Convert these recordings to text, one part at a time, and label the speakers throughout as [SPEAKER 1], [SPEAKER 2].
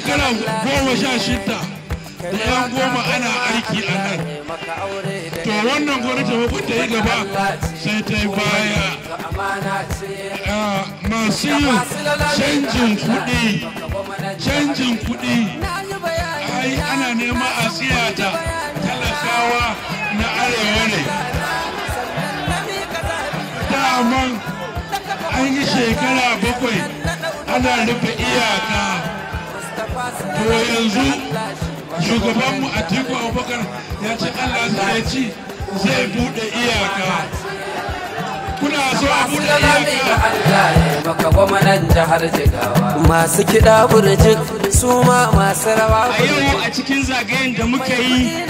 [SPEAKER 1] shekara goma sha shida bayan goma ana aiki a nan to wannan gwamnati ta yi gaba sai ta yi baya ah,
[SPEAKER 2] masu yin canjin kuɗi
[SPEAKER 1] canjin kuɗi ai ana nema a tsiyata talakawa na arewa ne daman an yi shekara bakwai ana rufe iyaka to yanzu shugabanmu a tiku abubakar ya ce allah zai zai iyaka kuna bude iyaka masu kiɗa burjik su ma masu rawa a yau a cikin zagayen da muka yi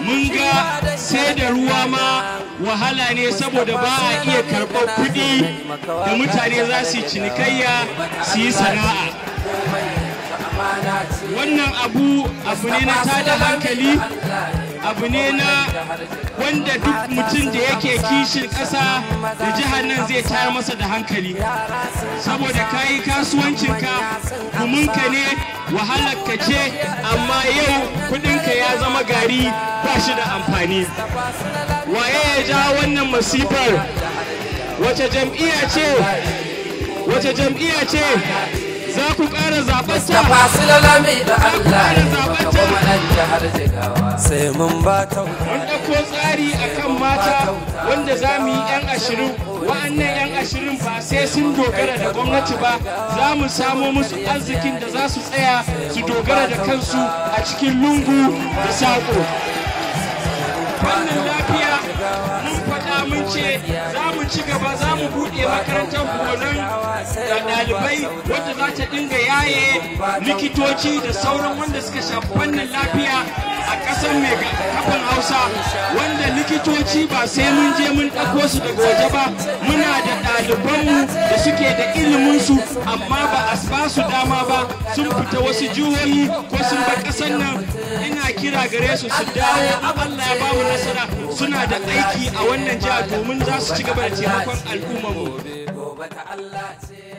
[SPEAKER 1] mun ga sai da ruwa ma wahala ne saboda ba a iya karɓar kuɗi da mutane za su yi cinikayya su yi sana'a wannan abu abu ne na tada hankali abu ne na wanda duk mutum da yake kishin ƙasa da jihar nan zai tayar masa da hankali saboda kayi kasuwancinka guminka ne wahalarka ce amma yau kudinka ya zama gari ba shi da amfani waye ya ja wannan masifar wace jam'iyya ce wace jam'iyya ce za ku ƙara zaɓar ta masu lalami da Allah ya kuma nan jihar jigawa sai mun ba ta mun ɗauko tsari kan mata wanda za mu yi 'yan ashirin wa'annan 'yan ashirin ba sai sun dogara da gwamnati ba za mu samo musu arzikin da za su tsaya su dogara da kansu a cikin lungu da saƙo wannan ce za mu ci gaba za mu buɗe makarantar gonon da ɗalibai wanda za ta dinga yaye likitoci da sauran wanda suka shafi wannan lafiya a ƙasar mai kafin hausa wanda likitoci ba sai mun je mun ɗako su daga waje ba muna da ɗalibanmu da suke da iliminsu amma ba a su dama ba sun fita wasu jihohi ko sun ba ƙasar nan kira gare su su dawo Allah ya bamu nasara suna da aiki a wannan jiha domin za su ci gaba da taimakon al'ummar mu.